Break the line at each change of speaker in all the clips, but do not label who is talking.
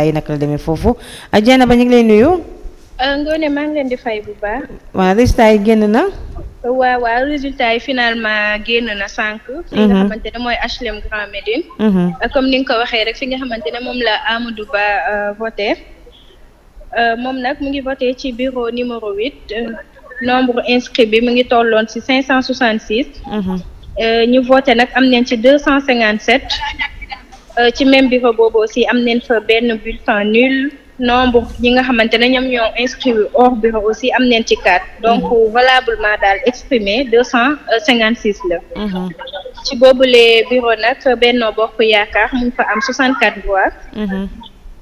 résultats yi naka la demee foofu Dieynaba ñu ngi lay nuyu.
Ngoné maa ngi leen di fay bu baax.
waaw résultats yi génn na.
waaw résultat yi finalement génn na sànq. Mhm. fi nga xamante ne mooy HLM Grand Médine. Mhm. Euh, comme ni nga ko waxee rek fi nga xamante ne moom la Amadou Ba euh, voté euh, moom nag mu ngi voté ci bureau numéro huit nombre inscrit bi mu ngi tolloon ci cinq cent soixante six. Mhm. ñu voté nag am nañ ci deux cent cinquante sept Euh, ci même bureau boobu aussi am neen fa benn bulletin nul nombre ñi nga xamante ne ñoom ñoo inscrits hors bureau aussi am neen ci quatre donc mhm. valablement daal exprimé deux cent euh, cinquante six la mhm. ci boobule bureau nag Benno Bokk Yaakaar mu fa am soixante quatre voix mhm.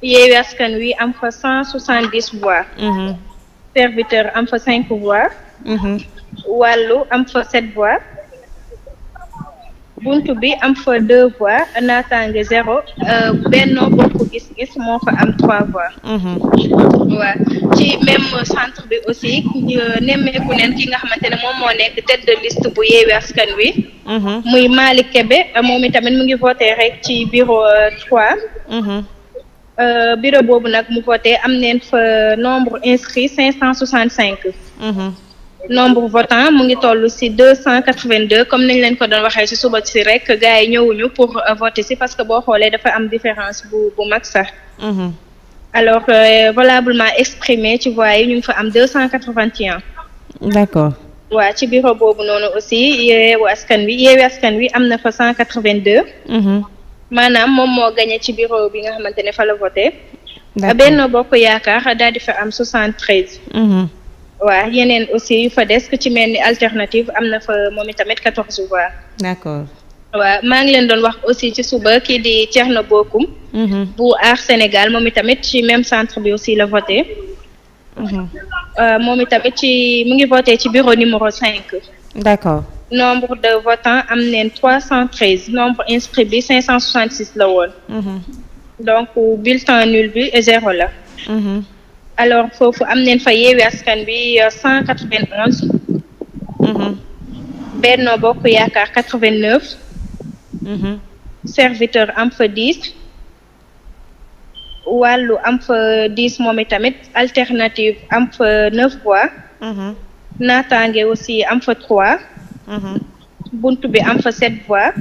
Yewwi Askan Wi am fa cent soixante dix voix serviteur am fa cinq voix wàllu am fa sept voix buntu bi am fa deux voix naataange zéro euh, Benno Bokk Gis Gis moo fa am trois voix mhm. waaw ci même centre bi aussi euh, nemmeeku neen ki nga xamante ne moom moo nekk tête de bu Yewwi Askan Wi mhm. muy Malick Kébé euh, moom itamit mu ngi voté rek ci bureau trois mhm. bureau boobu nag mu voté am neen fa nombre inscrit cinq cent soixante cinq nombre votant mu ngi toll ci deux cent quatre vingt deux comme nañ leen ko doon waxee ci suba ci rek gars yi ñëwuñu pour euh, voter ci parce que boo xoolee dafa am différence bu bu mag sax. Mm-hmm. alors euh, valablement exprimé ci voix yi ñu ngi fa am deux cent quatre vingt et un. d'accord. waa ci bureau boobu noonu aussi yeewu askan wi yeewu askan wi am na fa cent quatre vingt deux. Mm-hmm. maanaam moom moo gagné ci bureau bi nga xamante ne fa la voté. d'accord Benno Bokk Yaakaar daal di fa am soixante treize. Mm-hmm. waaw yeneen aussi yu fa des ku ci mel ni alternative am na fa moom itamit quatorze voix. d'accord. waaw maa ngi leen doon wax aussi ci suba kii di Thierno Bocoum. Mhm. bu Aar Sénégal moom itamit ci même centre bi aussi la voté. Mhm. Euh, moom itamit ci mu ngi voté ci bureau numéro cinq. d'accord. nombre de votants am neen trois cent treize nombre inscrit bi cinq cent soixante six la woon. Mhm. donc bulletin nul bi zéro la. alors foofu am neen fa yeewi askan bi euh, cent quatre vingt onze mhm. Benno Bokk Yaakaar quatre vingt neuf mhm. serviteur am fa dix wàllu am fa dix moom itamit alternative am fa neuf voix mhm. naataange aussi am fa trois bunt bi am fa sept voix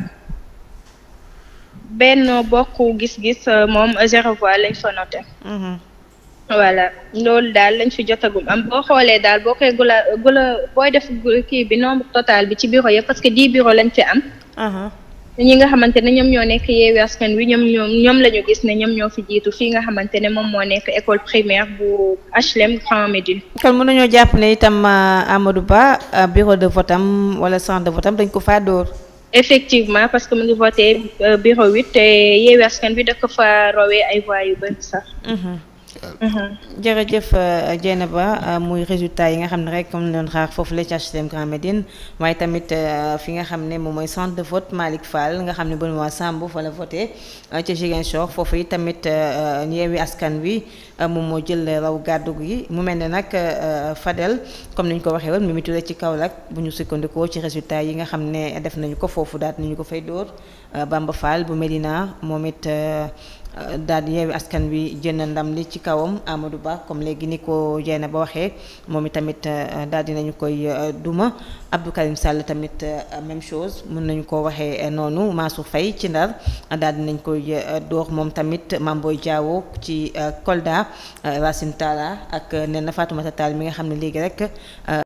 Benno Bokk Gis-Gis euh, moom zéro voix lañ fa noté voilà loolu daal lañ fi jotagum am boo xoolee daal boo koy gula gula booy def kii bi nombre total bi ci bureau ya parce que di bureau lañ fi am ñi nga xamante ne ñoom ñoo nekk Yewwi Wi ñoom ñoom ñoom la ñu gis ne ñoom ñoo fi jiitu fii nga xamante ne moom moo nekk école primaire bu HLM Grand Médine kon nañoo jàpp ne itam
euh, Amadou Ba euh, bureau de vote am wala centre de vote am dañ ko fa dóor
effectivement parce que mu ngi voté euh, bureau huit te Yewwi Askan Wi da ko fa rowee ay voix yu bëri sax
Mm-hmm. jërëjëf euh, Dieynaba euh, muy résultat yi nga xam ne rek comme ni doon xaar foofu la ci HLM Grand Médine waaye tamit euh, fi nga xam ne moom mooy centre de vote Malick Fall nga xam ne Benoît Sambou fa la voté ci Ziguinchor foofu yi tamit Yewwi Askan Wi moom moo jël raw gàddu gi mu mel ne nag Fadel comme ni ñu ko waxee woon Mimi Touré ci Kaolack bu ñu sukkandikoo ci résultat yi nga xam ne def nañu ko foofu daal nañu ko fay dóor Bamba Fall bu Médina moom it daal di yeewi askan wi jënd ndam li ci kawam Amadou Ba comme léegi ni ko Dieng ba waxee moom itamit euh, daal di nañu koy euh, duma Abdou Karim Sall tamit euh, même chose mun nañu ko waxee noonu Mansour Faye ci Ndar daal di nañ koy dóor moom tamit Mame Boye Diao ci Kolda Racine Talla ak Néné Fatoumata Tall mi nga xam ne léegi rek.